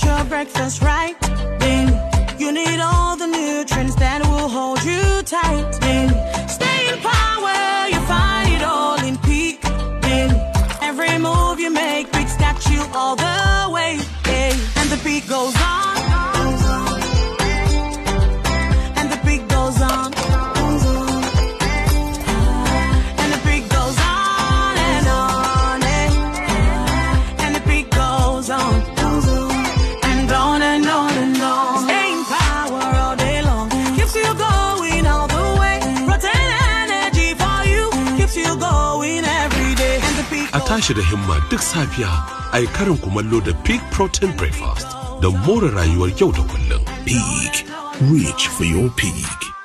get your breakfast right, then you need all the nutrients that will hold you tight. Then stay in power, you find it all in peak. Then every move you make big statue all the way. Yeah. And the beat goes on. ba shi da himma duk safiya ai karin kumallo da Peak Protein Breakfast don more rayuwar yau da kullum. Peak, reach for your peak.